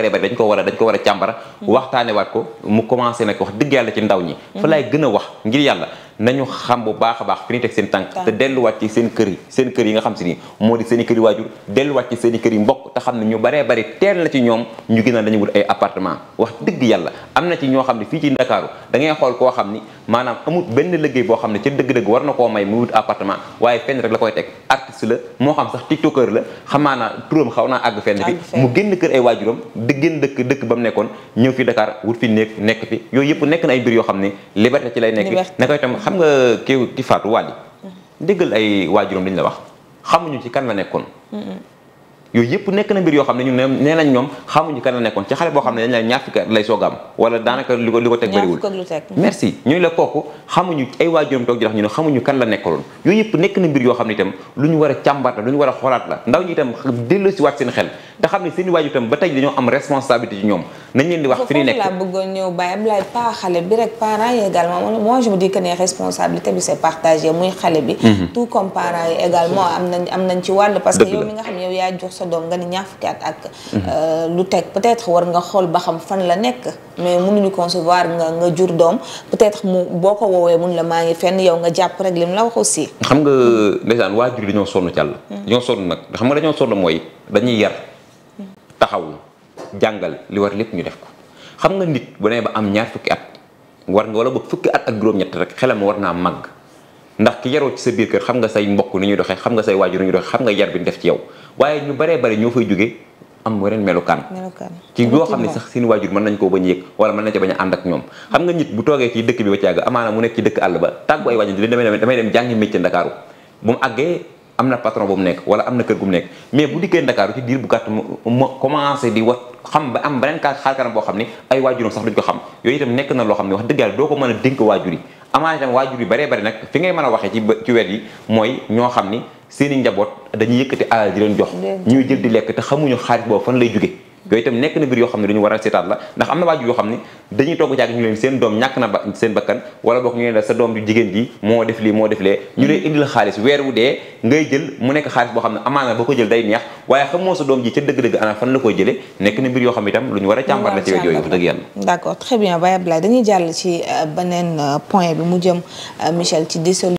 bare bari dañ ko war a dañ ko war a càmbara waxtaane waat ko mu commencé nag wax dëgg yàlla ci ndaw ñi fa laay gën a wax ngir yàlla nañu xam bu baax a baax fi ñu teg seen tànk te delluwaat ci seen kër yi seen nga xam si ni moo di seen i kër yi waajur delluwaat ci seen i kër yi mbokk te xam ne ñu baree bari teel na ci ñoom ñu gën a dañu wut ay appartement wax dëgg yàlla am na ci ñoo xam ne fii ci Ndakaaru da xool koo xam ni maanaam amul benn liggéey boo xam ne ci dëgg-dëgg war na koo may mu wut appartement waaye fenn rek la koy teg artiste la moo xam sax tiktokeur la xamaa naa turam xaw naa àgg fenn fi mu génn kër ay waajuram di génn dëkk dëkk ba mu nekkoon ñëw fi Dakar wut fi nekk nekk fi yooyu yëpp nekk na ay mbir yoo xam ne liberté ci lay nekk naka itam xam nga ki ki faatu wàlli mm-hmm. déggal ay waajuram li ñu la wax xamuñu ci kan la nekkoon mm-hmm. yooyu yëpp nekk na mbir yoo xam ne ñu ne nee nañ ñoom xamuñu kan la nekkoon ci xale boo xam ne dañ la ñaar fukki lay soog a am wala daanaka li ko li ko teg bëriwul merci ñooñu la kooku xamuñu ay waajuram toog di ñu ne xamuñu kan la nekkaloon yooyu yëpp nekk na mbir yoo xam ne itam lu ñu war a càmbar la lu ñu war a xoolaat la ndaw ñi itam delloo si waat seen xel te xam ne seen i waajur itam ba tey dañoo am responsabilité ci ñoom nañ leen di wax fi ñu nekk laa bëggoon ñëw Baye Abdoulaye pas xale bi rek parents yi également moi je me dis que ne responsabilité bi c'est partagé muy xale bi mhm. tout comme parents yi également am nañ am nañ ci wàll parce que yow nga xam yow yaa jox sa doom nga ni mhm. euh, peut-être war nga xool ba xam fan la nekk mais mënuñu concevoir nga nga jur doom peut-être mu boo ko woowee mun la maa ngi fenn yow nga jàpp rek lim la wax aussi xam nga ndeysaan waajur yi dañoo sonn càll mhm. dañoo sonn nag xam nga dañoo sonn mooy dañuy yar taxawu jàngal li war lépp ñu def ko xam nga nit bu nee ba am ñaar fukki at war nga wala ba fukki at ak juróom-ñett rek xelam war naa màgg ndax ki yaroo ci sa biir kër xam nga say mbokk ni ñuy doxee xam nga say waajur ni ñuy doxee xam nga yar bi ñu def ci yow waaye ñu baree bare ñoo fay jóge am weneen melukaan ci loo xam ne sax seen waajur mën nañ koo bañ yëg wala mën nañ ca bañ a ànd ak ñoom xam nga nit bu toogee ci dëkk bi ba ci yàgg amaana mu nekk ci dëkk àll ba tàggu ay waajur di na patron bu nekk wala am na kër gu mu nekk mais bu dikkee Ndakaaru ci diir xam ba am beneen ka xaar kanam boo xam ni ay waajuram sax duñ ko xam yooyu tam nekk na loo xam ne wax dëgg doo ko mën a dénk waajur yi amaana itam waajur yi baree bari nag fi ngay mën a waxee ci ci wet yi mooy ñoo xam ni seeni njaboot dañuy yëkkati alal di leen jox ñuy jël di lekk te xamuñu xaalis boobu fan lay jóge yooyu itam nekk na mbir yoo xam ne dañu war a seetaat la ndax am na waajur yoo xam ne dañuy togg caag ñu leen seen doom ñàkk na seen bakkan wala boog ñu leen la sa doom jigéen ji moo def lii moo def lee ñu lay indil xaalis weer wu dee ngay jël mu nekk xaalis boo xam ne amaana ba ko jëlee nekk na mbir yoo xam itam lu ñu war a càmbar la ci wet yooyu dëgg yàlla d'accord très bien Baye dañuy jàll ci euh, beneen euh, point bi mu jëm euh, Michel ci